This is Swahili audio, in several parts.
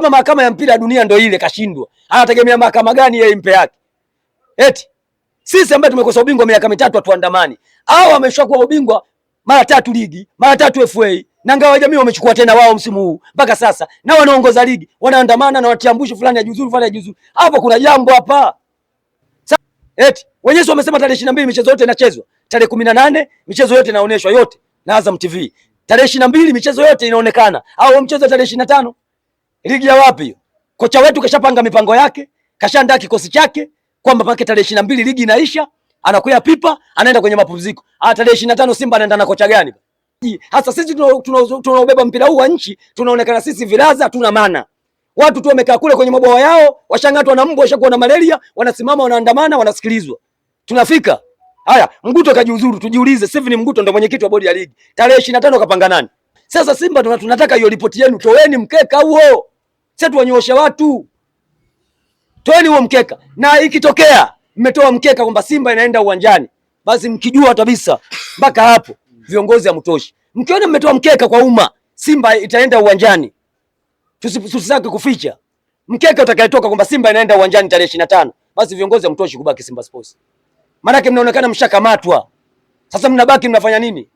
kama mahakama ya mpira dunia ndio ile kashindwa, anategemea mahakama gani yeye impe yake? Eti sisi ambaye tumekosa ubingwa miaka mitatu hatuandamani, Hao wameshakuwa ubingwa mara tatu ligi mara tatu FA na Ngao ya Jamii wamechukua tena wao msimu huu mpaka sasa, na wanaongoza ligi, wanaandamana na watiambushi fulani ya juzuru fulani ya juzuru. Hapo kuna jambo hapa. Eti wenyewe wamesema tarehe 22 michezo yote inachezwa, tarehe 18 michezo yote inaonyeshwa yote na Azam TV, tarehe 22 michezo yote inaonekana, au mchezo tarehe ishirini Ligi ya wapi? hiyo? Kocha wetu kashapanga mipango yake, kashaandaa kikosi chake kwamba mpaka tarehe ishirini na mbili ligi inaisha, anakuya pipa, anaenda kwenye mapumziko. Ah, tarehe ishirini na tano Simba anaenda na kocha gani? Hasa sisi tunaobeba mpira huu wa nchi tunaonekana sisi vilaza, tuna maana watu tu wamekaa kule kwenye mabwawa yao, washang'atwa na mbu, washakuwa na malaria, wanasimama wanaandamana, wanasikilizwa. Tunafika haya, Mguto kajiuzuru, tujiulize. Steven Mguto ndo mwenyekiti wa bodi ya ligi, tarehe 25 kapanga nani? Sasa Simba tunataka hiyo ripoti yenu, toeni mkeka huo sasa tuwanyooshe watu. Toeni huo mkeka, na ikitokea mmetoa mkeka kwamba Simba inaenda uwanjani, basi mkijua kabisa mpaka hapo viongozi hamtoshi. Mkiona mmetoa mkeka kwa umma, Simba itaenda uwanjani, tusisake kuficha mkeka utakayetoka kwamba Simba inaenda uwanjani tarehe ishirini na tano, basi viongozi hamtoshi kubaki Simba Sports, maanake mnaonekana mshakamatwa. Sasa mnabaki mnafanya nini?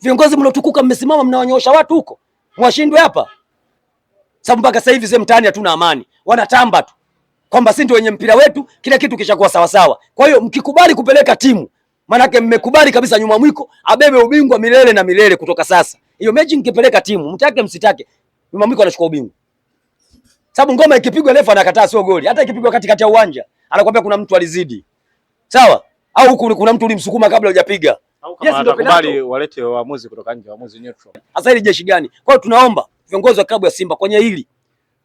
Viongozi mliotukuka mmesimama mnawanyoosha watu huko, mwashindwe hapa sababu mpaka sasa hivi sehemu mtaani hatuna amani, wanatamba tu kwamba sisi ndio wenye mpira wetu, kila kitu kishakuwa sawa sawa. Kwa hiyo mkikubali kupeleka timu, maanake mmekubali kabisa nyuma mwiko abebe ubingwa milele na milele kutoka sasa. Hiyo mechi mkipeleka timu, mtake msitake, nyuma mwiko anachukua ubingwa, sababu ngoma ikipigwa refa anakataa, sio goli. Hata ikipigwa katikati ya uwanja anakuambia kuna mtu alizidi, sawa au huku kuna mtu ulimsukuma kabla hujapiga. Yes, ndio kubali walete waamuzi kutoka nje, waamuzi neutral. Sasa hili jeshi gani? Kwa hiyo tunaomba viongozi wa klabu ya Simba kwenye hili,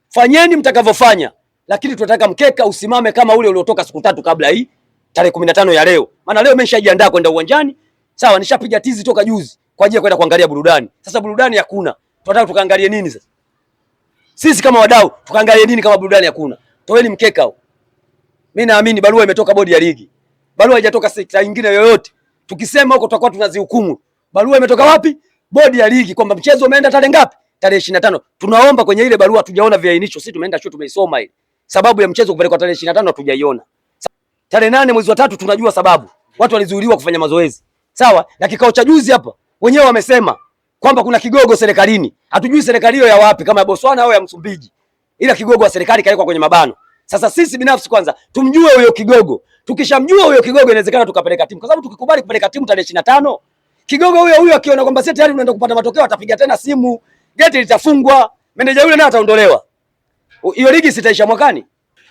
fanyeni mtakavyofanya, lakini tunataka mkeka usimame kama ule uliotoka siku tatu kabla hii tarehe 15 ya leo, maana leo nimeshajiandaa kwenda uwanjani. Sawa, nishapiga tizi toka juzi kwa ajili ya kwenda kuangalia burudani. Sasa burudani hakuna, tunataka tukaangalie nini sasa? Sisi kama wadau tukaangalie nini kama burudani hakuna? Toeni mkeka huo. Mimi naamini barua imetoka bodi ya ligi, barua haijatoka sekta nyingine yoyote. Tukisema huko tutakuwa tunazihukumu. Barua imetoka wapi? Bodi ya ligi, kwamba mchezo umeenda tarehe ngapi tarehe 25. tunaomba kwenye ile barua tujaona viainisho. Sisi tumeenda shule tumeisoma ile sababu ya mchezo kupelekwa tarehe 25 hatujaiona. Tarehe nane mwezi wa tatu tunajua sababu, watu walizuiliwa kufanya mazoezi sawa. Na kikao cha juzi hapa wenyewe wamesema kwamba kuna kigogo serikalini, hatujui serikali hiyo ya wapi, kama ya Botswana au ya Msumbiji, ila kigogo wa serikali kawekwa kwenye mabano. Sasa sisi binafsi kwanza tumjue huyo kigogo, tukishamjua huyo kigogo inawezekana tukapeleka timu, kwa sababu tukikubali kupeleka timu tarehe 25, kigogo huyo huyo akiona kwamba sasa tayari tunaenda kupata matokeo atapiga tena simu, geti litafungwa, meneja yule naye ataondolewa. Hiyo ligi sitaisha mwakani.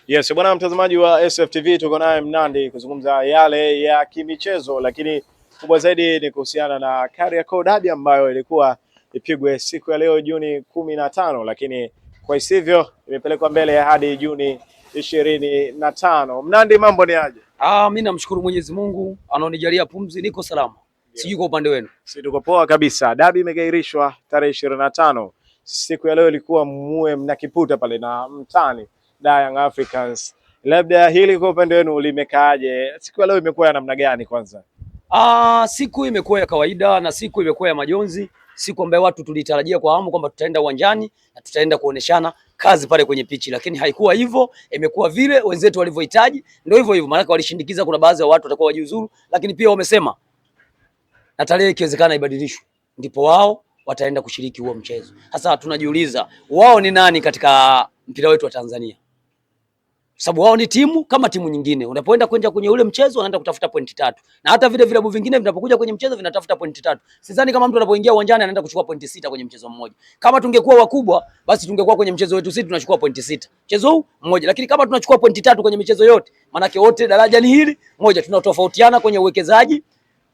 Yes, bwana mtazamaji wa SFTV tuko naye Mnandi kuzungumza yale ya kimichezo, lakini kubwa zaidi ni kuhusiana na Kariakoo Derby ambayo ilikuwa ipigwe siku ya leo Juni kumi na tano, lakini kwa isivyo imepelekwa mbele hadi Juni ishirini na tano. Mnandi, mambo ni aje? Ah, mimi namshukuru Mwenyezi Mungu anaonijalia pumzi, niko salama sijui kwa upande wenu. Sisi tuko poa kabisa. Dabi imegairishwa tarehe ishirini na tano. Siku ya leo ilikuwa muwe mnakiputa kiputa pale na mtani da Young Africans, labda hili kwa upande wenu limekaaje? Siku ya leo imekuwa ya namna gani? Kwanza ah, siku imekuwa ya kawaida na siku imekuwa ya majonzi, siku ambayo watu tulitarajia kwa hamu kwamba tutaenda uwanjani na tutaenda kuoneshana kazi pale kwenye pichi, lakini haikuwa hivyo. Imekuwa vile wenzetu walivyohitaji, ndio hivyo hivyo, maanake walishindikiza. Kuna baadhi ya watu watakuwa wajiuzuru, lakini pia wamesema na tarehe ikiwezekana ibadilishwe, ndipo wao wataenda kushiriki huo mchezo. Sasa tunajiuliza wao ni nani katika mpira wetu wa Tanzania, sababu wao ni timu kama timu nyingine. Unapoenda kwenda kwenye ule mchezo, wanaenda kutafuta pointi tatu, na hata vile vilabu vingine vinapokuja kwenye mchezo vinatafuta pointi tatu. Sidhani kama mtu anapoingia uwanjani anaenda kuchukua pointi sita kwenye mchezo mmoja. Kama tungekuwa wakubwa, basi tungekuwa kwenye mchezo wetu sisi tunachukua pointi sita mchezo huu mmoja, lakini kama tunachukua pointi tatu kwenye michezo yote, maanake wote daraja ni hili moja, tunatofautiana kwenye uwekezaji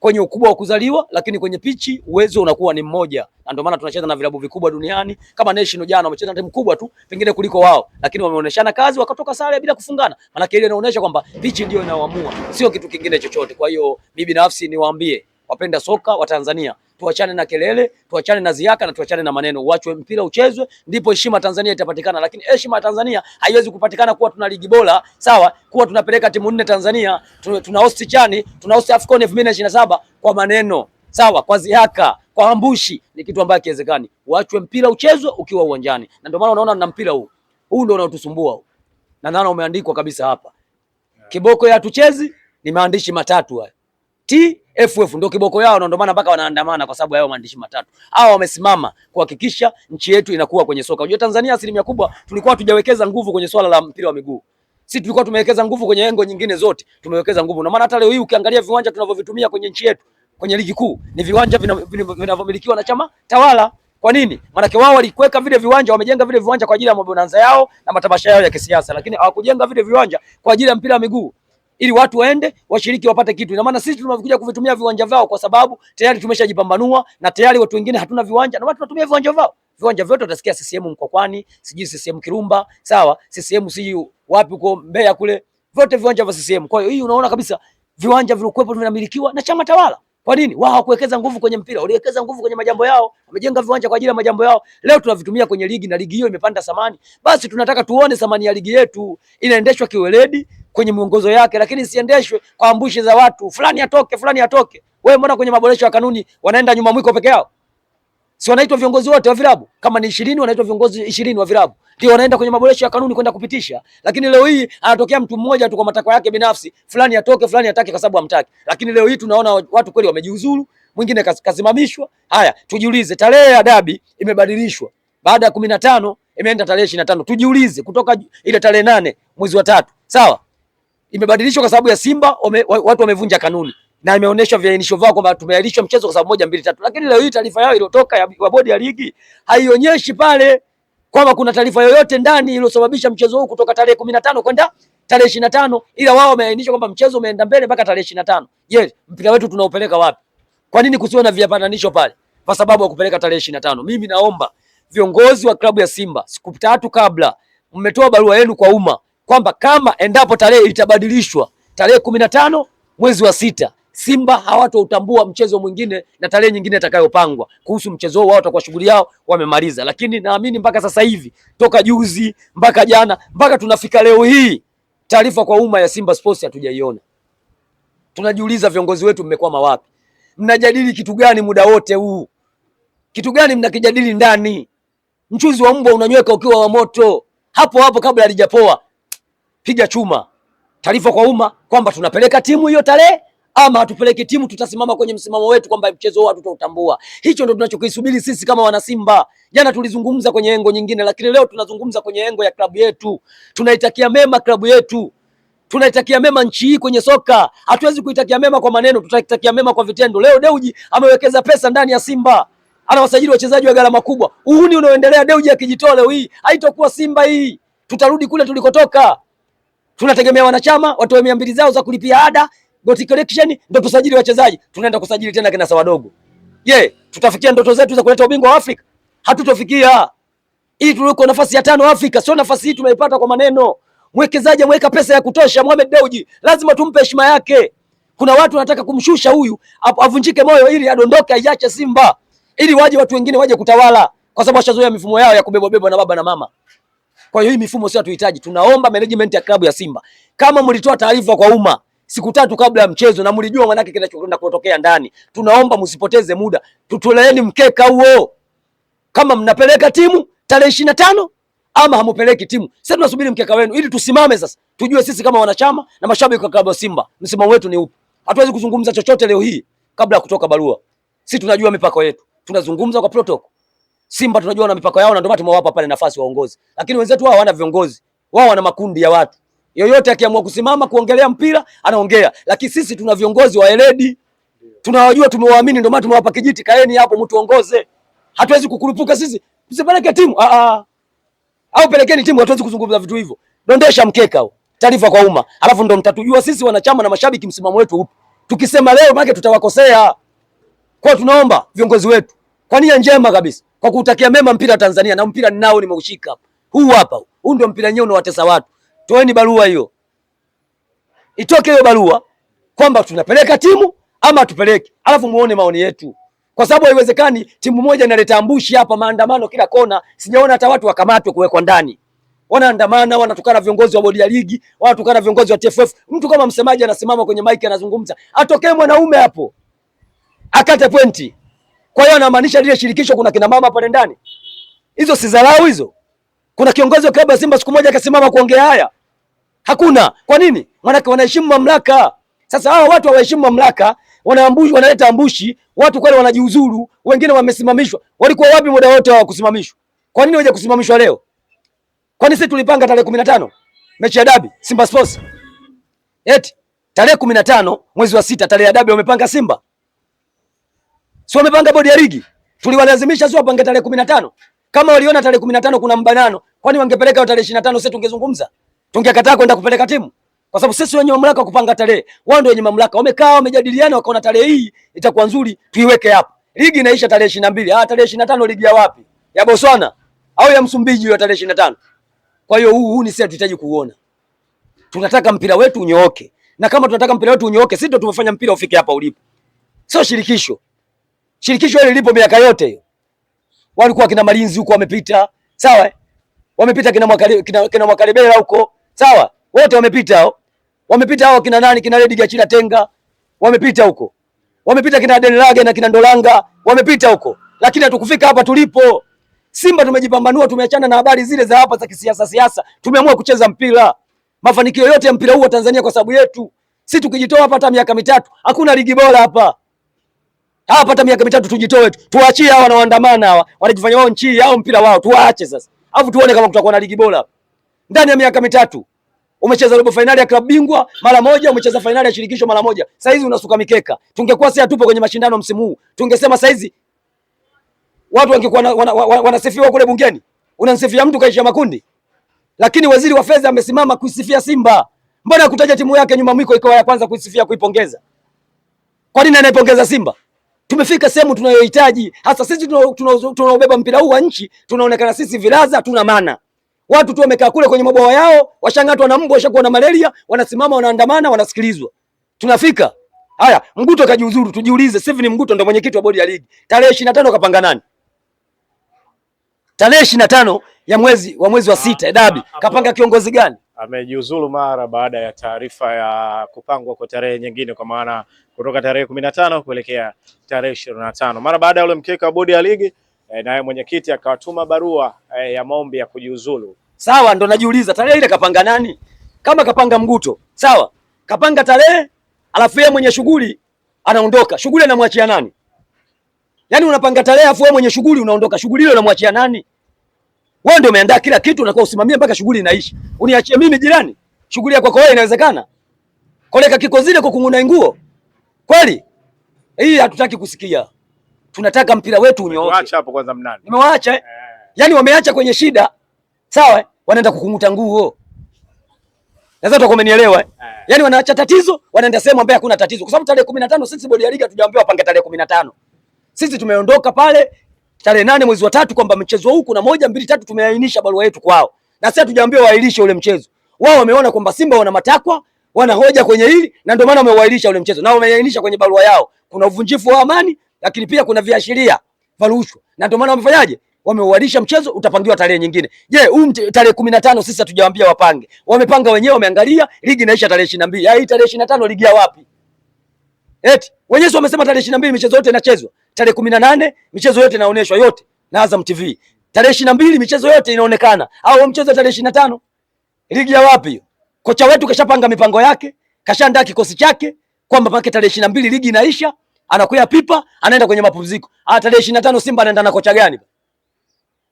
kwenye ukubwa wa kuzaliwa, lakini kwenye pichi uwezo unakuwa ni mmoja, na ndio maana tunacheza na vilabu vikubwa duniani kama National. Jana wamecheza na timu kubwa tu pengine kuliko wao, lakini wameoneshana kazi, wakatoka sare bila kufungana. Maana ile inaonyesha kwamba pichi ndio inaoamua, sio kitu kingine chochote. Kwa hiyo mimi binafsi niwaambie wapenda soka wa Tanzania tuachane na kelele, tuachane na ziaka na tuachane na maneno, uachwe mpira uchezwe, ndipo heshima Tanzania itapatikana. Lakini heshima ya Tanzania haiwezi kupatikana kuwa tuna ligi bora sawa, kuwa tunapeleka timu nne Tanzania, tuna host chani, tuna host AFCON 2027 kwa maneno sawa, kwa ziaka, kwa ambushi, ni kitu ambacho kiwezekani. Uachwe mpira uchezwe ukiwa uwanjani, na ndio maana unaona na mpira huu huu ndio unaotusumbua huu, na nana umeandikwa kabisa hapa, kiboko ya tuchezi ni maandishi matatu haya T FF ndio kiboko yao, na ndio maana mpaka wanaandamana kwa sababu hayo maandishi matatu. Hao wamesimama kuhakikisha nchi yetu inakuwa kwenye soka. Unajua Tanzania asilimia kubwa tulikuwa hatujawekeza nguvu kwenye swala la mpira wa miguu. Sisi tulikuwa tumewekeza nguvu kwenye engo nyingine zote, tumewekeza nguvu. Na maana hata leo hii ukiangalia viwanja tunavyovitumia kwenye nchi yetu kwenye ligi kuu ni viwanja vinavyomilikiwa na chama tawala. Kwa nini? Maanake wao walikuweka vile viwanja, wamejenga vile viwanja kwa ajili ya mabonanza yao na matamasha yao ya kisiasa, lakini hawakujenga vile viwanja kwa ajili ya mpira wa miguu ili watu waende washiriki wapate kitu. Ina maana sisi tunakuja kuvitumia viwanja vyao kwa sababu tayari tumeshajipambanua na tayari watu wengine hatuna viwanja na watu natumia viwanja vyao. Viwanja vyote utasikia CCM Mkwakwani, sijui CCM Kirumba, sawa, CCM si wapi huko Mbeya kule. Vyote viwanja vya CCM. Kwa hiyo hii unaona kabisa viwanja vilikuwepo vinamilikiwa na chama tawala. Kwa nini? Wao hawakuwekeza nguvu kwenye mpira, waliwekeza nguvu kwenye majambo yao, wamejenga viwanja kwa ajili ya majambo yao. Leo tunavitumia kwenye ligi na ligi hiyo imepanda thamani, basi tunataka tuone thamani ya ligi yetu inaendeshwa kiweledi kwenye miongozo yake, lakini isiendeshwe kwa ambushe za watu fulani, atoke fulani, atoke. Wewe mbona kwenye maboresho ya kanuni wanaenda nyuma mwiko peke yao? Si wanaitwa viongozi wote wa vilabu kama ni ishirini wanaitwa viongozi ishirini wa vilabu ndio wanaenda kwenye maboresho ya kanuni kwenda kupitisha, lakini leo hii anatokea mtu mmoja tu kwa matakwa yake binafsi, fulani atoke, fulani atake kwa sababu amtaki. Lakini leo hii tunaona watu kweli wamejiuzulu, mwingine kasimamishwa. Haya, tujiulize, tarehe ya dabi imebadilishwa baada ya kumi na tano imeenda tarehe ishirini na tano Tujiulize, kutoka ile tarehe nane mwezi wa tatu, sawa, imebadilishwa kwa sababu ya Simba ome, watu wamevunja kanuni na imeonyesha viainisho vao kwamba tumeahirishwa mchezo kwa sababu moja mbili tatu, lakini leo hii taarifa yao iliyotoka ya bodi ya ligi haionyeshi pale kwamba kuna taarifa yoyote ndani iliyosababisha mchezo huu kutoka tarehe kumi na tano kwenda tarehe ishirini na tano ila wao wameainisha kwamba mchezo umeenda mbele mpaka tarehe ishirini na tano Je, mpira wetu tunaupeleka wapi? Kwa nini kusiwe na viapananisho pale kwa sababu ya kupeleka tarehe ishirini na tano Mimi naomba viongozi wa klabu ya Simba, siku tatu kabla mmetoa barua yenu kwa umma kwamba kama endapo tarehe itabadilishwa tarehe kumi na tano mwezi wa sita Simba hawatautambua mchezo mwingine na tarehe nyingine itakayopangwa kuhusu mchezo huo, wao watakuwa shughuli yao wamemaliza. Lakini naamini mpaka sasa hivi, toka juzi mpaka jana mpaka tunafika leo hii, taarifa kwa umma ya Simba Sports hatujaiona. Tunajiuliza, viongozi wetu mmekwama wapi? Mnajadili kitu gani muda wote huu? Kitu gani mnakijadili ndani? Mchuzi wa mbwa unanyweka ukiwa wa moto, hapo hapo kabla halijapoa, piga chuma. Taarifa kwa umma kwamba tunapeleka timu hiyo tarehe ama hatupeleke timu, tutasimama kwenye msimamo wetu kwamba mchezo huu hatutautambua. Hicho ndio tunachokisubiri sisi kama wanasimba. Jana tulizungumza kwenye engo nyingine, lakini leo tunazungumza kwenye engo ya klabu yetu. Tunaitakia mema klabu yetu, tunaitakia mema nchi hii kwenye soka. Hatuwezi kuitakia mema kwa maneno, tutaitakia mema kwa vitendo. Leo Deuji amewekeza pesa ndani ya Simba, anawasajili wachezaji wa gharama kubwa. Uhuni unaoendelea Deuji akijitoa leo hii, haitokuwa Simba hii, tutarudi kule tulikotoka. Tunategemea wanachama watoe mia mbili zao za kulipia ada Goti Collection ndio tusajili wachezaji, tunaenda kusajili tena kina sawa dogo. Je, tutafikia ndoto zetu za kuleta ubingwa wa Afrika? Hatutofikia. Hii tuliko nafasi ya tano Afrika, sio nafasi hii tumeipata kwa maneno. Mwekezaji ameweka pesa ya kutosha, Mohamed Dewji lazima tumpe heshima yake. Kuna watu wanataka kumshusha huyu avunjike moyo ili adondoke aiache Simba ili waje watu wengine waje kutawala, kwa sababu washazoea mifumo yao ya kubebwa bebwa na baba na mama. Kwa hiyo hii mifumo sio hatuhitaji. Tunaomba management ya klabu ya Simba, kama mlitoa taarifa kwa umma siku tatu kabla ya mchezo, na mlijua manake kinachokwenda kutokea ndani. Tunaomba msipoteze muda, tutoleeni mkeka huo kama mnapeleka timu tarehe ishirini na tano ama hamupeleki timu. Sasa tunasubiri mkeka wenu ili tusimame sasa, tujue sisi kama wanachama na mashabiki wa klabu ya Simba msimamo wetu ni upi. Hatuwezi kuzungumza chochote leo hii kabla ya kutoka barua. Sisi tunajua mipaka yetu, tunazungumza kwa protocol. Simba tunajua na mipaka yao, na ndio maana tumewapa pale nafasi waongozi, lakini wenzetu wao hawana viongozi, wao wana makundi ya watu. Yoyote akiamua kusimama kuongelea mpira anaongea, lakini sisi tuna viongozi wa eledi, tunawajua, tumewaamini, ndio maana tumewapa kijiti. Kaeni hapo mtuongoze, hatuwezi kukurupuka sisi. Msipeleke timu a ah, a ah. au pelekeni timu, hatuwezi kuzungumza vitu hivyo. Dondosha mkeka huo, taarifa kwa umma, alafu ndo mtatujua sisi wanachama na mashabiki msimamo wetu upi. Tukisema leo, maana tutawakosea. Kwa tunaomba viongozi wetu kwa nia njema kabisa, kwa kutakia mema mpira Tanzania, na mpira ninao nimeushika hapa, huu hapa, huu ndio mpira wenyewe unawatesa watu toeni barua hiyo, itoke hiyo barua kwamba tunapeleka timu ama tupeleke, alafu muone maoni yetu, kwa sababu haiwezekani timu moja inaleta ambushi hapa, maandamano kila kona. Sijaona hata watu wakamatwe kuwekwa ndani, wanaandamana wanatukana viongozi wa bodi ya ligi, wanatukana viongozi wa TFF. Mtu kama msemaji anasimama kwenye maiki anazungumza, atokee mwanaume hapo akate pointi. Kwa hiyo anamaanisha lile shirikisho kuna kina mama pale ndani. Hizo si dharau hizo? Kuna kiongozi wa klabu ya Simba siku moja akasimama kuongea haya. Hakuna. Kwa nini? Maanake wanaheshimu mamlaka. Sasa hawa watu hawaheshimu mamlaka, wanaambushi, wanaleta ambushi, watu kwale wanajiuzuru, wengine wamesimamishwa. Walikuwa wapi muda wote wa kusimamishwa? Kwa nini waje kusimamishwa leo? Kwa nini sisi tulipanga tarehe 15 mechi ya dabi Simba Sports? Eti tarehe 15 mwezi wa sita tarehe ya dabi wamepanga Simba. Si wamepanga bodi ya ligi? Tuliwalazimisha sio wapange tarehe 15. Kama waliona tarehe 15 kuna mbanano, kwani wangepeleka tarehe 25 sisi tungezungumza tungekataa kwenda kupeleka timu kwa sababu sisi wenye mamlaka kupanga tarehe, wao ndio wenye mamlaka. Wamekaa wamejadiliana, wakaona tarehe hii itakuwa nzuri, tuiweke hapa. Ligi inaisha tarehe ishirini na mbili. Ah, tarehe ishirini na tano ligi ya wapi? Ya Botswana au ya Msumbiji? Hiyo tarehe ishirini na tano. Kwa hiyo huu huu ni sisi hatuhitaji kuona, tunataka mpira wetu unyooke, na kama tunataka mpira wetu unyooke, sisi ndio tumefanya mpira ufike hapa ulipo, sio shirikisho. Shirikisho hili lipo miaka yote hiyo, walikuwa kina Malinzi huko wamepita, sawa, eh? wamepita kina kina, Mwakalebela huko Sawa? Wote wamepita hao. Wamepita hao kina nani, kina Lady Gachira Tenga. Wamepita huko. Wamepita kina Denlage na kina Ndolanga, wamepita huko. Lakini hatukufika hapa tulipo. Simba tumejipambanua, tumeachana na habari zile za hapa za kisiasa siasa. Tumeamua kucheza mpira. Mafanikio yote ya mpira huu wa Tanzania kwa sababu yetu. Sisi tukijitoa hapa hata miaka mitatu, hakuna ligi bora hapa. Hapa hata miaka mitatu tujitoe tu. Tuachie hawa wanaoandamana hawa, wanajifanya wao nchi yao mpira wao, tuwaache sasa. Alafu tuone kama kutakuwa na ligi bora. hapa ndani ya miaka mitatu umecheza robo fainali ya klabu bingwa mara moja, umecheza fainali ya shirikisho mara moja. Sasa hizi unasuka mikeka. Tungekuwa sisi hatupo kwenye mashindano msimu huu, tungesema sasa hizi watu wangekuwa wanasifiwa wana, wana, kule bungeni. Unanisifia mtu kaisha makundi, lakini waziri wa fedha amesimama kuisifia Simba. Mbona hakutaja timu yake nyuma mwiko ikawa ya kwanza kuisifia kuipongeza? Kwa nini anaipongeza Simba? Tumefika sehemu tunayohitaji hasa sisi tunaobeba mpira huu wa nchi, tunaonekana sisi vilaza, tuna maana Watu tu wamekaa kule kwenye mabwawa yao, washang'atwa na mbu, washakuwa na malaria, wanasimama wanaandamana, wanasikilizwa. Tunafika haya, Mguto akajiuzuru. Tujiulize, ni Mguto ndo mwenyekiti wa bodi ya ligi, tarehe 25 kapanga nani? Tarehe 25 ya mwezi wa mwezi wa sita ah, dabi ah, kapanga kiongozi gani? Amejiuzuru mara baada ya taarifa ya kupangwa kwa tarehe nyingine, kwa maana kutoka tarehe 15 kuelekea tarehe 25, mara baada ya ule mkeka wa bodi ya ligi e, naye mwenyekiti akawatuma barua e, ya maombi ya kujiuzulu. Sawa, ndo najiuliza tarehe ile kapanga nani? Kama kapanga Mguto, sawa, kapanga tarehe, alafu yeye mwenye shughuli anaondoka, shughuli anamwachia nani? Yaani unapanga tarehe afu wewe mwenye shughuli unaondoka, shughuli ile unamwachia nani? Wewe ndio umeandaa kila kitu, na kwa usimamia mpaka shughuli inaisha, uniachie mimi jirani? Shughuli yako kwa wewe inawezekana? koleka kiko zile kwa kung'una nguo kweli? Hii hatutaki kusikia tunataka mpira wetu unyooke. Nimewaacha eh. eh. Yaani wameacha kwenye shida, sawa, wanaenda kukunguta nguo. Sasa utakuwa umenielewa eh. eh. Yaani wanaacha tatizo, wanaenda sehemu ambayo hakuna tatizo, kwa sababu tarehe 15 sisi bodi ya ligi hatujaambiwa pange tarehe 15. Sisi tumeondoka pale tarehe nane mwezi wa tatu kwamba mchezo huu kuna moja mbili tatu, tumeainisha barua yetu kwao, na sisi hatujaambiwa waahirishe ule mchezo. Wao wameona kwamba Simba wana matakwa wana hoja kwenye hili na ndio maana wamewailisha ule mchezo, na wameainisha kwenye barua yao kuna uvunjifu wa amani lakini pia kuna viashiria vya rushwa, na ndio maana wamefanyaje, wameuadisha mchezo, utapangiwa tarehe nyingine. Je, huu tarehe kumi na tano sisi hatujawaambia wapange, wamepanga wenyewe, wameangalia ligi inaisha tarehe ishirini na mbili hii yaani tarehe ishirini na tano ligi ya wapi? Eti wenyewe wamesema tarehe ishirini na mbili michezo yote inachezwa, tarehe kumi na nane michezo yote inaonyeshwa yote na Azam TV, tarehe ishirini na mbili michezo yote inaonekana, au mchezo tarehe ishirini na tano ligi ya wapi Kocha wetu kashapanga mipango yake, kashaandaa kikosi chake kwamba pake tarehe ishirini na mbili ligi inaisha anakuya pipa, anaenda kwenye mapumziko. Ah, tarehe 25 Simba anaenda na kocha gani?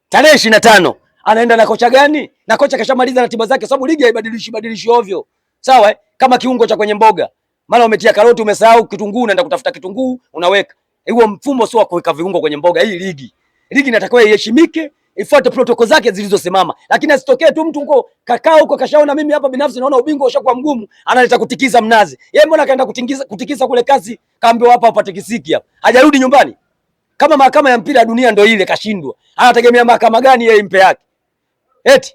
Tarehe 25 anaenda na kocha gani? Na kocha kashamaliza ratiba zake, sababu ligi haibadilishi badilishi ovyo. Sawa eh? Kama kiungo cha kwenye mboga. Mara umetia karoti, umesahau kitunguu, unaenda kutafuta kitunguu, unaweka. Huo mfumo sio wa kuweka viungo kwenye mboga hii ligi. Ligi inatakiwa iheshimike ifuate protokoli zake zilizosimama, lakini asitokee tu mtu huko kakao huko kashaona. Mimi hapa binafsi naona ubingwa ushakuwa mgumu, analeta kutikiza mnazi. Yeye mbona kaenda kutikiza kutikiza kule kazi, kaambiwa hapa upate kisiki hapa, hajarudi nyumbani. Kama mahakama ya mpira ya dunia ndio ile, kashindwa. Anategemea mahakama gani yeye impe yake? Eti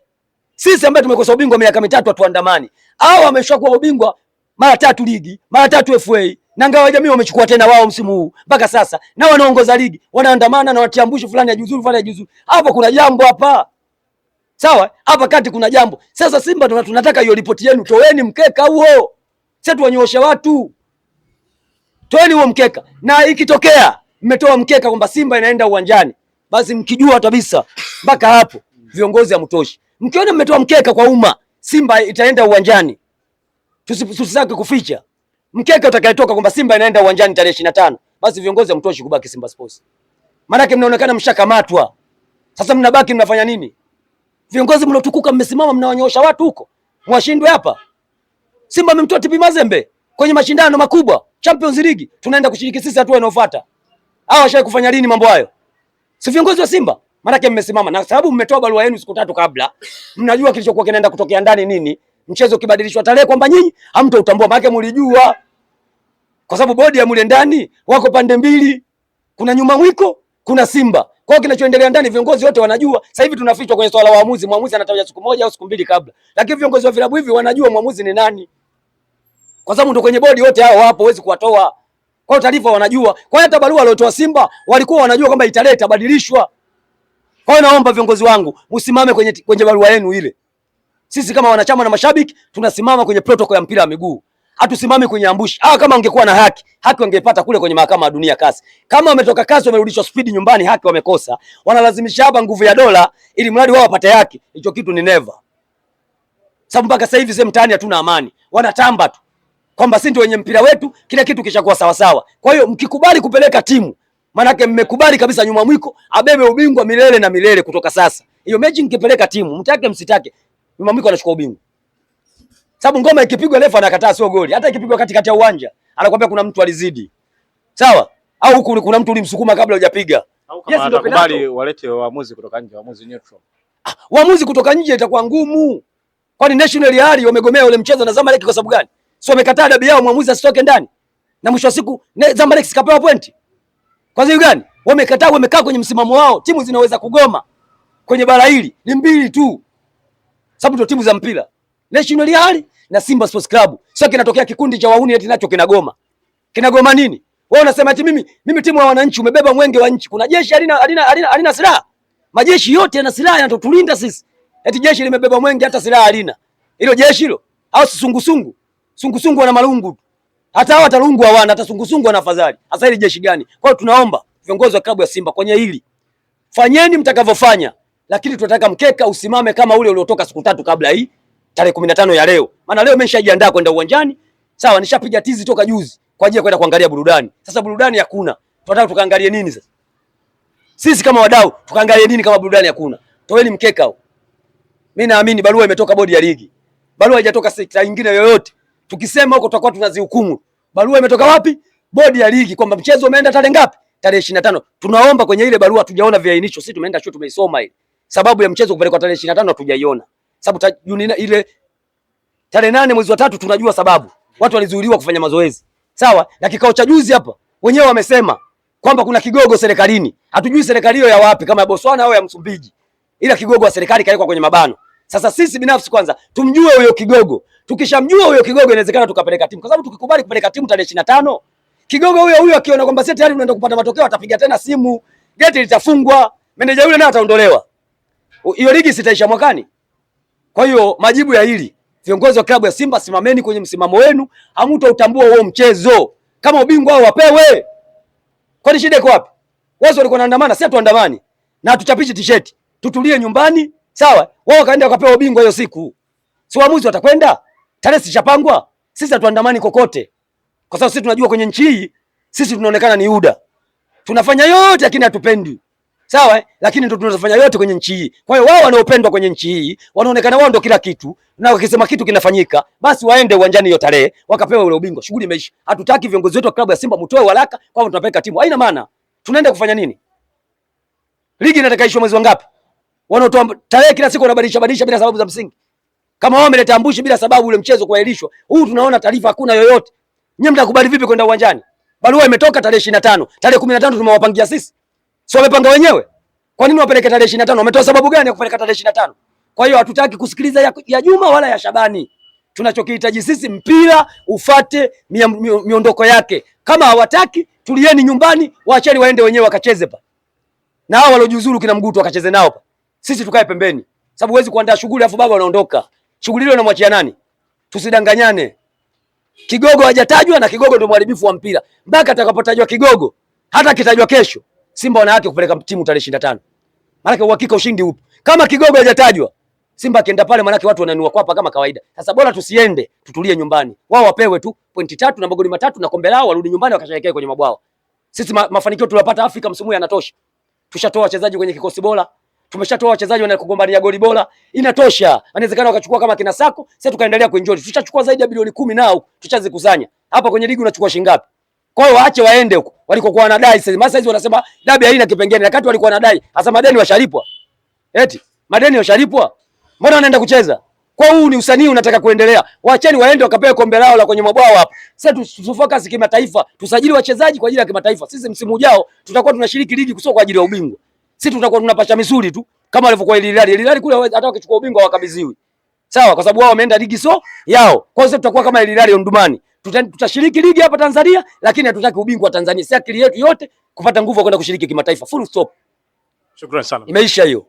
sisi ambaye tumekosa ubingwa miaka mitatu hatuandamani, au ameshakuwa ubingwa mara tatu ligi mara tatu FA na Ngao ya Jamii wamechukua tena wao msimu huu mpaka sasa, na wanaongoza ligi, wanaandamana na watiambushi fulani ya juzuru fulani ya juzuru. Hapa kuna jambo hapa, sawa? Hapa kati kuna jambo. Sasa Simba tunataka hiyo ripoti yenu, toeni mkeka huo, sasa tuwanyooshe watu, toeni huo mkeka, na ikitokea mmetoa mkeka kwamba Simba inaenda uwanjani, basi mkijua kabisa mpaka hapo viongozi hamtoshi. Mkiona mmetoa mkeka kwa umma, Simba itaenda uwanjani, tusisake kuficha mkeke utakayetoka kwamba Simba inaenda uwanjani tarehe ishirini na tano basi viongozi hamtoshi kubaki Simba Sports, maanake mnaonekana mshakamatwa. Sasa mnabaki mnafanya nini? Viongozi mliotukuka mmesimama mnawanyoosha watu huko, mwashindwe hapa. Simba amemtoa TP Mazembe kwenye mashindano makubwa Champions League, tunaenda kushiriki sisi hatua inayofuata. Hawa washawahi kufanya lini mambo hayo? Si viongozi wa Simba? Maanake mmesimama na sababu mmetoa barua yenu siku tatu kabla, mnajua kilichokuwa kinaenda kutokea ndani nini, mchezo ukibadilishwa tarehe kwamba nyinyi hamtautambua, maana mlijua, kwa sababu bodi ya mule ndani wako pande mbili, kuna nyuma mwiko, kuna Simba. Kwa hiyo kinachoendelea ndani viongozi wote wanajua. Sasa hivi tunafichwa kwenye swala la waamuzi, mwamuzi anatawaja siku moja au siku mbili kabla, lakini viongozi wa vilabu hivi wanajua mwamuzi ni nani, kwa sababu ndio kwenye bodi wote hao wapo, huwezi kuwatoa. Kwa hiyo taarifa wanajua. Kwa hiyo hata barua waliotoa Simba walikuwa wanajua kwamba tarehe itabadilishwa. Kwa hiyo naomba viongozi wangu msimame kwenye, kwenye barua yenu ile sisi kama wanachama na mashabiki tunasimama kwenye protokoli ya mpira wa miguu, hatusimami kwenye ambushi. Ah, kama wangekuwa na haki, haki wangepata kule kwenye mahakama ya dunia kasi. Kama wametoka kasi, wamerudishwa spidi nyumbani, haki wamekosa. Wanalazimisha hapa nguvu ya dola ili mradi wao wapate haki, hicho kitu ni never. Sababu mpaka sasa hivi sehemu tani hatuna amani, wanatamba tu kwamba sisi ndio wenye mpira wetu, kila kitu kishakuwa sawa sawa. Kwa hiyo mkikubali kupeleka timu, manake mmekubali kabisa nyuma mwiko abebe ubingwa milele na milele kutoka sasa. Hiyo mechi nikipeleka timu, mtake msitake, Mamwiko anachukua ubingwa. Sababu ngoma ikipigwa refa anakataa sio goli. Hata ikipigwa katikati ya uwanja anakuambia kuna mtu alizidi. Sawa? Au huku kuna mtu ulimsukuma kabla hujapiga. Yes, ndio penalty. Walete waamuzi kutoka nje, waamuzi neutral. Ah, waamuzi kutoka nje itakuwa ngumu. Kwani National Hali wamegomea ule mchezo na Zamalek kwa sababu gani? Sio wamekataa dabi yao mwamuzi asitoke ndani. Na mwisho wa siku Zamalek sikapewa pointi. Kwa sababu gani? Wamekataa, wamekaa kwenye msimamo wao. Timu zinaweza kugoma kwenye bara hili. Ni mbili tu sababu ndio timu za mpira National Real na Simba Sports Club. Sio kinatokea kikundi cha wahuni eti nacho kinagoma. Kinagoma nini? Wewe unasema eti mimi mimi timu ya wananchi umebeba mwenge wa nchi. Kuna jeshi alina alina alina, alina silaha. Majeshi yote yana silaha yanatulinda sisi. Eti jeshi limebeba mwenge hata silaha alina. Hilo jeshi hilo au si sungusungu? Sungusungu wana malungu. Hata hawa talungu hawana hata sungusungu wana afadhali. Hasa hili jeshi gani? Kwa hiyo tunaomba viongozi wa klabu ya Simba kwenye hili. Fanyeni mtakavyofanya lakini tunataka mkeka usimame kama ule uliotoka siku tatu kabla hii tarehe 15 ya leo. Maana leo nimeshajiandaa kwenda uwanjani. Sawa, nishapiga tizi toka juzi kwa ajili ya kwenda kuangalia burudani. Sasa burudani hakuna. Tunataka tukaangalie nini sasa? Sisi kama wadau tukaangalie nini kama burudani hakuna? Toeni mkeka huu. Mimi naamini barua imetoka bodi ya ligi. Barua haijatoka sekta nyingine yoyote. Tukisema huko tutakuwa tunazihukumu. Barua imetoka wapi? Bodi ya ligi kwamba mchezo umeenda tarehe ngapi? Tarehe 25. Tunaomba kwenye ile barua tujaona viainisho. Sisi tumeenda shule tumeisoma ile sababu ya mchezo kupelekwa tarehe 25 hatujaiona. Sababu Juni ile tarehe nane mwezi wa tatu tunajua sababu. Watu walizuiliwa kufanya mazoezi. Sawa? Na kikao cha juzi hapa wenyewe wamesema kwamba kuna kigogo serikalini. Hatujui serikali hiyo ya wapi kama ya Botswana au ya Msumbiji. Ila kigogo wa serikali kawekwa kwenye mabano. Sasa sisi binafsi kwanza tumjue huyo kigogo. Tukishamjua huyo kigogo inawezekana tukapeleka timu. Kwa sababu tukikubali kupeleka timu tarehe 25, kigogo huyo huyo akiona kwamba sasa tayari unaenda kupata matokeo atapiga tena simu, geti litafungwa, meneja yule naye ataondolewa hiyo ligi sitaisha mwakani. Kwa hiyo majibu ya hili, viongozi wa klabu ya Simba, simameni kwenye msimamo wenu. Hamutautambua huo mchezo kama ubingwa wao wapewe. Kwani shida iko wapi? Wazo walikuwa wanaandamana, sasa tuandamani na tuchapishe t-shirt, tutulie nyumbani, sawa? Wao wakaenda wakapewa ubingwa hiyo siku, si waamuzi watakwenda tarehe zishapangwa. Sisi hatuandamani kokote, kwa sababu sisi tunajua kwenye nchi hii sisi tunaonekana ni uda, tunafanya yote lakini hatupendi sawa eh? Lakini ndio tunazofanya yote kwenye nchi hii. Kwa hiyo wao wanaopendwa kwenye nchi hii wanaonekana wao ndio kila kitu, na wakisema kitu kinafanyika, basi waende uwanjani hiyo tarehe wakapewa ule ubingwa, shughuli imeisha. Hatutaki viongozi wetu wa klabu ya Simba mtoe waraka kwamba tunapeleka timu, haina maana. Tunaenda kufanya nini? Ligi inataka ishwe mwezi wangapi? Wanaotoa tarehe kila siku wanabadilisha badilisha bila sababu za msingi. Kama wao wameleta ambushi bila sababu ule mchezo kuahirishwa. Huu tunaona taarifa hakuna yoyote. Nyinyi mtakubali vipi kwenda uwanjani? Barua imetoka tarehe 25. Tarehe 15 tumewapangia sisi. Si wamepanga wenyewe. Kwa nini wapeleke tarehe 25? Wametoa sababu gani ya kupeleka tarehe 25? Kwa hiyo hatutaki kusikiliza ya, ya Juma wala ya Shabani. Tunachokihitaji sisi mpira ufate miondoko yake. Kama hawataki tulieni nyumbani, waacheni waende wenyewe wakacheze pa. Na hao walojiuzuru kina Mgutu wakacheze nao pa. Sisi tukae pembeni. Sababu huwezi kuandaa shughuli afu baba anaondoka. Shughuli ile unamwachia nani? Tusidanganyane. Kigogo hajatajwa na kigogo ndio mharibifu wa mpira. Mpaka atakapotajwa kigogo, hata kitajwa kesho Simba wana haki kupeleka timu tarehe 25. Maana uhakika ushindi upo. Kama kigogo hajatajwa, Simba akienda pale maana watu wananiua kwapa kama kawaida. Sasa bora tusiende, tutulie nyumbani. Wao wapewe tu pointi tatu na magoli matatu na kombe lao warudi nyumbani wakasherehekea kwenye mabwao. Sisi ma, mafanikio tuliyopata Afrika msimu huu yanatosha. Tushatoa wachezaji kwenye kikosi bora, tumeshatoa wachezaji wana wanakugombania goli bora, inatosha. Inawezekana wakachukua kama kina Sako, sasa tukaendelea kuenjoy. Tushachukua zaidi ya bilioni kumi nao, tushazikusanya. Hapa kwenye ligi unachukua shilingi ngapi? Kwa hiyo waache waende huko walikokuwa wanadai. Sasa hizi wanasema dabi haina kipengele, wakati walikuwa wanadai. Hasa madeni washalipwa, eti madeni washalipwa, mbona wanaenda kucheza? Kwa huu ni usanii unataka kuendelea, waacheni waende wakapewe kombe lao la kwenye mabwao hapa. Sasa tufocus kimataifa, tusajili wachezaji kwa ajili ya kimataifa. Sisi msimu ujao tutakuwa tunashiriki ligi kusio kwa ajili ya ubingwa, sisi tutakuwa tunapasha misuli tu kama walivyokuwa Hilali. Hilali kule hata wakichukua ubingwa wakabidhiwi, sawa, kwa sababu wao wameenda ligi so yao. Kwa hiyo sisi tutakuwa kama Hilali Omdurman tutashiriki ligi hapa Tanzania, lakini hatutaki ubingwa wa Tanzania. Si akili yetu yote kupata nguvu kwenda kushiriki kimataifa. Full stop. Shukrani sana. Imeisha hiyo.